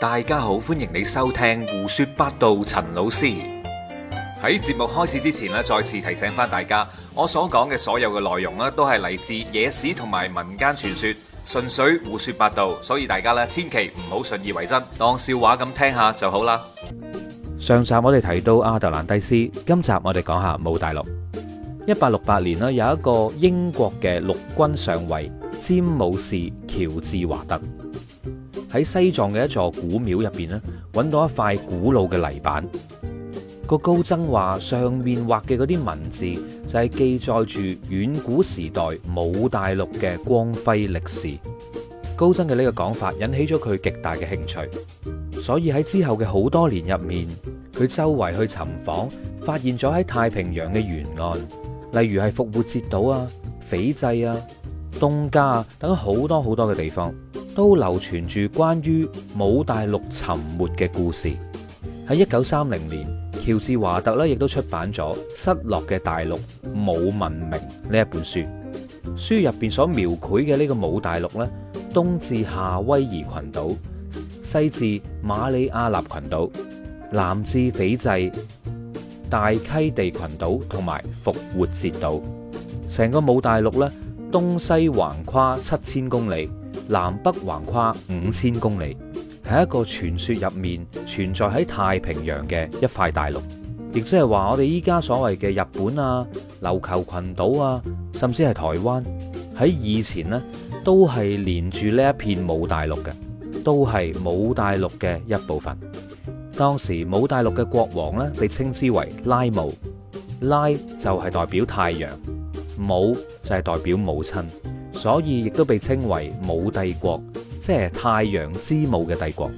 大家好，歡迎你收聽《胡說八道》。陳老師喺節目開始之前咧，再次提醒翻大家，我所講嘅所有嘅內容咧，都係嚟自野史同埋民間傳說，純粹胡說八道，所以大家咧千祈唔好信以為真，當笑話咁聽下就好啦。上集我哋提到亞特蘭蒂斯，今集我哋講下姆大陸。一八六八年啦，有一個英國嘅陸軍上尉詹姆士喬治華特。喺西藏嘅一座古廟入邊揾到一塊古老嘅泥板。個高僧話上面畫嘅嗰啲文字就係、是、記載住遠古時代姆大陸嘅光輝歷史。高僧嘅呢個講法引起咗佢極大嘅興趣，所以喺之後嘅好多年入面，佢周圍去尋訪，發現咗喺太平洋嘅沿岸，例如係復活節島啊、斐濟啊、東加啊等好多好多嘅地方。都流傳住關於姆大陸沉沒嘅故事。喺一九三零年，喬治華特咧亦都出版咗《失落嘅大陸姆文明》呢一本書。書入邊所描繪嘅呢個姆大陸呢，東至夏威夷群島，西至馬里亞納群島，南至斐濟、大溪地群島同埋復活節島，成個姆大陸呢，東西橫跨七千公里。南北橫跨五千公里，係一個傳說入面存在喺太平洋嘅一塊大陸，亦即係話我哋依家所謂嘅日本啊、琉球群島啊，甚至係台灣，喺以前呢都係連住呢一片姆大陸嘅，都係姆大陸嘅一部分。當時姆大陸嘅國王呢，被稱之為拉姆，拉就係代表太陽，母就係代表母親。所以亦都被稱為姆帝國，即係太陽之母嘅帝國。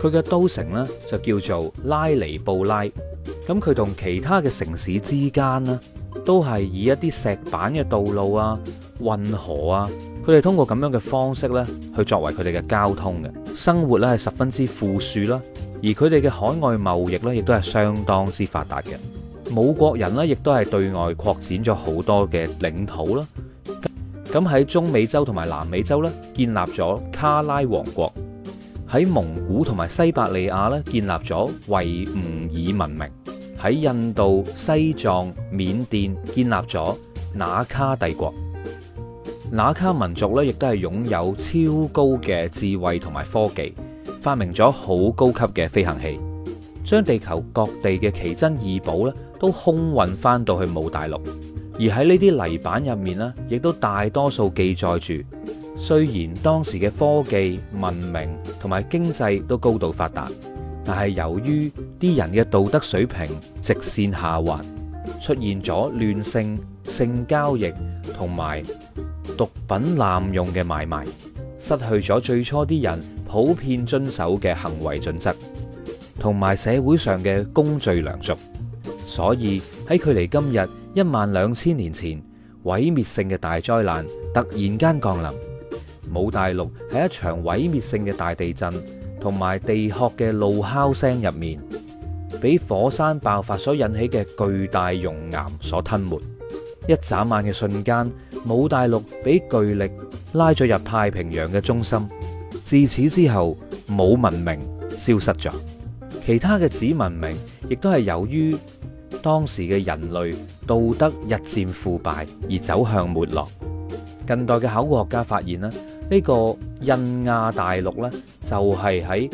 佢嘅都城呢，就叫做拉尼布拉。咁佢同其他嘅城市之間呢，都係以一啲石板嘅道路啊、運河啊，佢哋通過咁樣嘅方式呢，去作為佢哋嘅交通嘅生活呢，係十分之富庶啦。而佢哋嘅海外貿易呢，亦都係相當之發達嘅。姆國人呢，亦都係對外擴展咗好多嘅領土啦。咁喺中美洲同埋南美洲咧，建立咗卡拉王國；喺蒙古同埋西伯利亞咧，建立咗維吾爾文明；喺印度、西藏、緬甸建立咗那卡帝國。那卡民族咧，亦都係擁有超高嘅智慧同埋科技，發明咗好高級嘅飛行器，將地球各地嘅奇珍異寶咧，都空運翻到去姆大陸。而喺呢啲泥板入面咧，亦都大多數記載住，雖然當時嘅科技、文明同埋經濟都高度發達，但係由於啲人嘅道德水平直綫下滑，出現咗亂性、性交易同埋毒品濫用嘅買賣，失去咗最初啲人普遍遵守嘅行為準則同埋社會上嘅公序良俗，所以喺距離今日，一萬兩千年前，毀滅性嘅大災難突然間降臨。姆大陸喺一場毀滅性嘅大地震同埋地殼嘅怒哮聲入面，俾火山爆發所引起嘅巨大熔岩所吞沒。一眨眼嘅瞬間，姆大陸俾巨力拉咗入太平洋嘅中心。自此之後，姆文明消失咗。其他嘅子文明亦都係由於。當時嘅人類道德日漸腐敗而走向沒落。近代嘅考古學家發現啦，呢、呢個印亞大陸呢，就係喺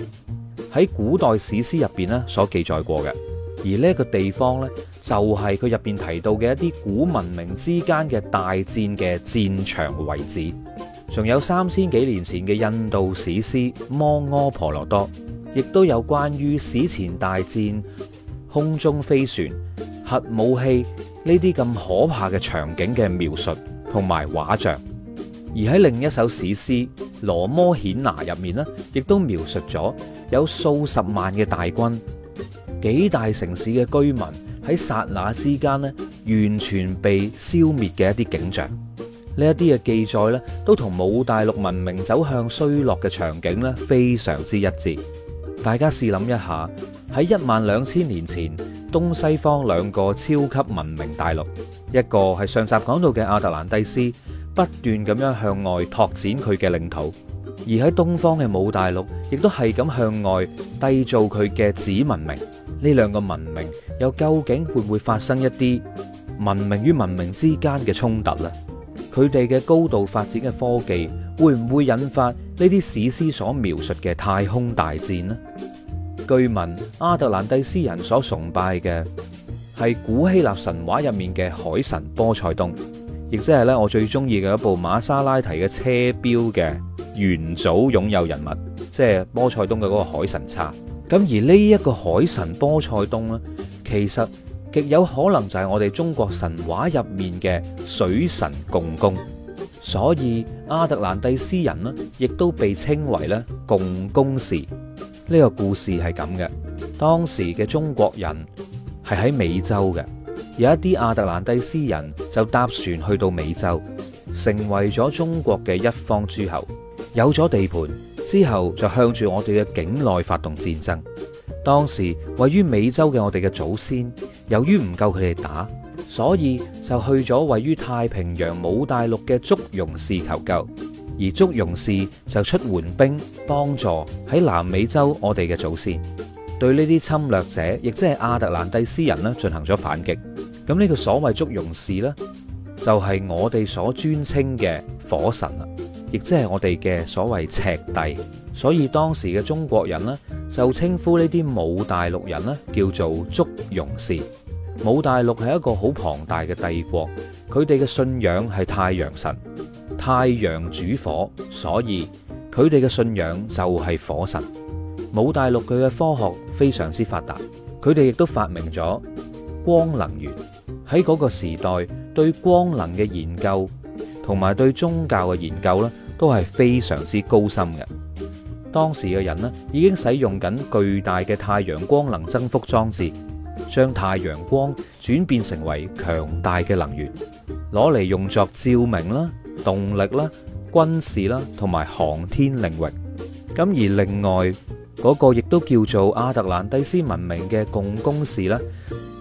喺古代史詩入邊咧所記載過嘅，而呢個地方呢，就係佢入邊提到嘅一啲古文明之間嘅大戰嘅戰場位置。仲有三千幾年前嘅印度史詩《摩訶婆羅多》，亦都有關於史前大戰空中飛船、核武器呢啲咁可怕嘅場景嘅描述同埋畫像，而喺另一首史詩《羅摩衍那》入面呢亦都描述咗有數十萬嘅大軍、幾大城市嘅居民喺剎那之間呢完全被消滅嘅一啲景象。呢一啲嘅記載呢都同姆大陸文明走向衰落嘅場景呢非常之一致。大家試諗一下。喺一萬兩千年前，東西方兩個超級文明大陸，一個係上集講到嘅亞特蘭蒂斯，不斷咁樣向外拓展佢嘅領土；而喺東方嘅姆大陸，亦都係咁向外締造佢嘅子文明。呢兩個文明又究竟會唔會發生一啲文明與文明之間嘅衝突呢？佢哋嘅高度發展嘅科技，會唔會引發呢啲史詩所描述嘅太空大戰呢？據聞，阿特蘭蒂斯人所崇拜嘅係古希臘神話入面嘅海神波塞冬，亦即係咧我最中意嘅一部瑪莎拉蒂嘅車標嘅元祖擁有人物，即係波塞冬嘅嗰個海神叉。咁而呢一個海神波塞冬咧，其實極有可能就係我哋中國神話入面嘅水神共工，所以阿特蘭蒂斯人咧亦都被稱為咧共工氏。呢個故事係咁嘅，當時嘅中國人係喺美洲嘅，有一啲亞特蘭蒂斯人就搭船去到美洲，成為咗中國嘅一方諸侯，有咗地盤之後就向住我哋嘅境內發動戰爭。當時位於美洲嘅我哋嘅祖先，由於唔夠佢哋打，所以就去咗位於太平洋姆大陸嘅祝融氏求救。而祝融氏就出援兵幫助喺南美洲我哋嘅祖先，對呢啲侵略者，亦即係亞特蘭蒂斯人咧，進行咗反擊。咁呢個所謂祝融氏咧，就係我哋所尊稱嘅火神啦，亦即係我哋嘅所謂赤帝。所以當時嘅中國人咧，就稱呼呢啲姆大陸人咧，叫做祝融氏。姆大陸係一個好龐大嘅帝國，佢哋嘅信仰係太陽神。太陽煮火，所以佢哋嘅信仰就係火神。姆大陸佢嘅科學非常之發達，佢哋亦都發明咗光能源。喺嗰個時代，對光能嘅研究同埋對宗教嘅研究咧，都係非常之高深嘅。當時嘅人呢，已經使用緊巨大嘅太陽光能增幅裝置，將太陽光轉變成為強大嘅能源，攞嚟用作照明啦、動力啦、軍事啦，同埋航天領域。咁而另外嗰個亦都叫做亞特蘭蒂斯文明嘅共工氏咧，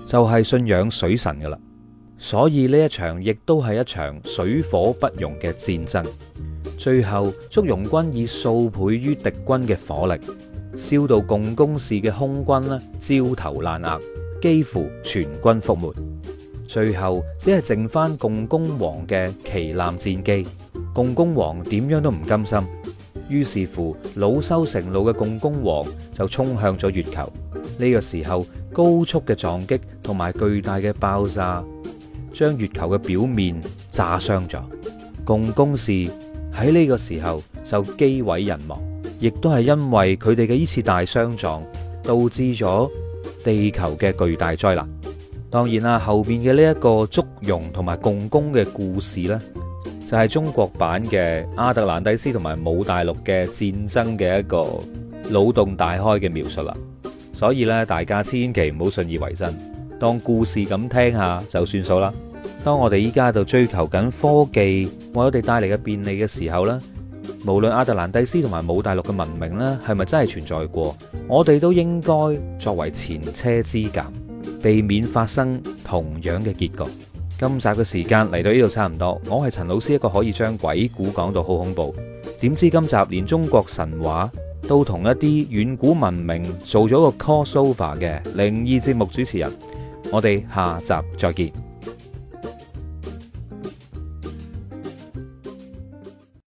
就係信仰水神噶啦。所以呢一場亦都係一場水火不容嘅戰爭。最後，祝融軍以數倍於敵軍嘅火力，燒到共工氏嘅空軍呢，焦頭爛額，幾乎全軍覆沒。最後只係剩翻共工王嘅旗艦戰機，共工王點樣都唔甘心，於是乎老羞成怒嘅共工王就衝向咗月球。呢、這個時候高速嘅撞擊同埋巨大嘅爆炸，將月球嘅表面炸傷咗。共工士喺呢個時候就機毀人亡，亦都係因為佢哋嘅呢次大相撞，導致咗地球嘅巨大災難。當然啦，後邊嘅呢一個祝融同埋共工嘅故事呢，就係中國版嘅阿特蘭蒂斯同埋姆大陸嘅戰爭嘅一個腦洞大開嘅描述啦。所以咧，大家千祈唔好信以為真，當故事咁聽下就算數啦。當我哋依家喺度追求緊科技為我哋帶嚟嘅便利嘅時候呢，無論亞特蘭蒂斯同埋姆大陸嘅文明呢係咪真係存在過，我哋都應該作為前車之鑒，避免發生同樣嘅結局。今集嘅時間嚟到呢度差唔多，我係陳老師，一個可以將鬼故講到好恐怖，點知今集連中國神話都同一啲遠古文明做咗個 crossover 嘅靈異節目主持人。我哋下集再見。